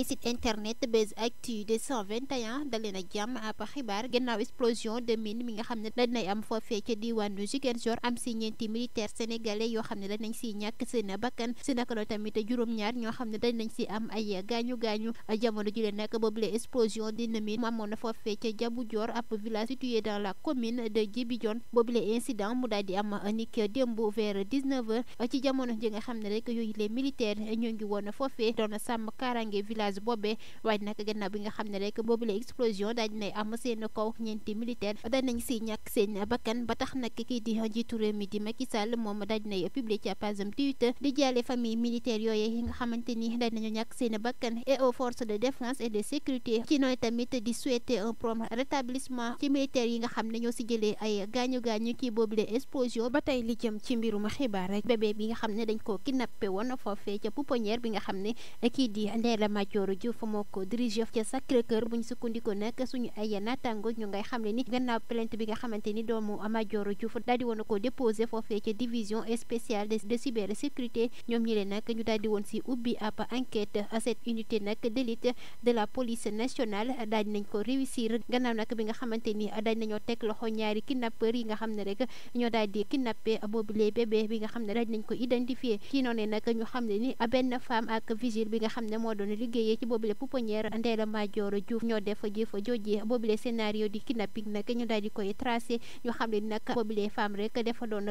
ni site internet Buzz Actu 221 dalee jàmm ab xibaar gannaaw explosion de mine mi nga xam ne dañ am foofee ca diwaanu Ziguinchor am si ñeenti militaire sénégalais yoo xam ne dañ nañ si la tamit juróom-ñaar ñoo am ay gaañu gaañu jamono ji leen nag boobu la explosion dina mine mu amoon na ca Diabou Dior ab village situé dans la commune de Djibidione boobu la incident mu daal di am niki démb vers 19h ci jamono ji nga xam ne rek yooyu les militaires gaz boobee waaye nag gannaaw bi nga xam ne rek boobule explosion daal dinay am seen kaw ñeenti militaire danañ si ñàkk seen bakkan ba tax nag kii di njiitu réew rétablissement ci militaire yi nga xam ne ñoo si jëlee ay gaañu gaañu ci boobule explosion ba tey li ci mbirum xibaar rek bébé bi nga xam ne dañ koo kidnappé woon foofee ca pouponnière bi nga xam ne kii di Ndella Madior Sitor Diouf moo ko dirigé ca Sacré-Cœur bu ñu sukkandiku nag suñu ay naataango ñu ngay xam ne ni gannaaw plainte bi nga xamante ni doomu Madior Diouf daal di ko déposé foofee ca division spéciale de cybersécurité ñoom ñi leen nag ñu daal woon si ubbi ab enquête cette unité nag d'élite de la police nationale daal di ko réussir gannaaw nag bi nga xamante ni daal nañoo teg loxo ñaari kidnappeurs yi nga xam ne rek ñoo daal di kidnappé liggéeyee ci boobule pouponnière Ndella Madior Diouf ñoo def jëf joojee boobule scénario di kidnapping nag ñu daal koy tracé ñu xam ne nag boobule femme rek dafa doon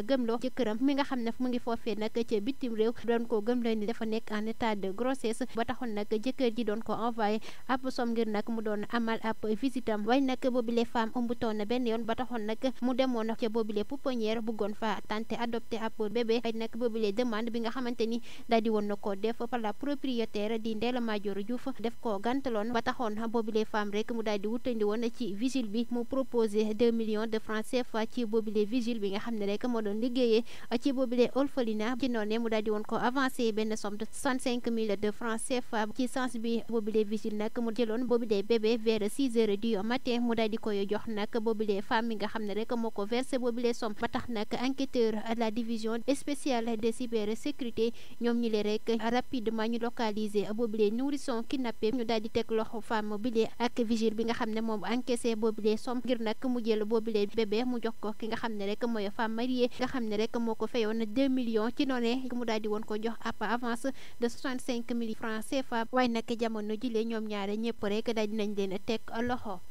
ko gëmloo ni dafa nekk en état de grossesse ba taxoon nag jëkkër ji doon ko envoyé ab som ngir nag mu doon amal ab visitam waaye nag boobule femme ëmbutoon na benn yoon ba taxoon nag mu demoon ca boobule pouponnière bëggoon fa tenter adopté ab bébé waaye nag boobule demande bi nga xamante Ndakaaru def ko gantaloon ba taxoon boobile femme rek mu daal di woon ci vigile bi mu proposé 2 millions de francs CFA ci boobile vigile bi nga xam ne rek moo doon liggéeyee ci boobile orphelinat ci noonu mu daal woon ko avancé benn somme de 65 mille de francs CFA ci sens bi boobile vigile nag mu jëloon boobile bébé vers 6 heures du matin mu daal koy jox nag boobile femme mi nga xam ne rek moo ko versé boobile somme ba sont kidnappés ñu daal di teg loxo femme bile ak vigile bi nga xam ne moom encaissé boobile som ngir nag mu jël boobile bébé mu jox ko ki nga xam ne rek mooy femme mariée nga xam ne rek moo ko fayoon 2 millions ci noonee mu daal di woon ko jox ab avance de 65 mille francs CFA waaye nag jamono jile ñoom ñaare ñëpp rek daal dinañ leen teg loxo.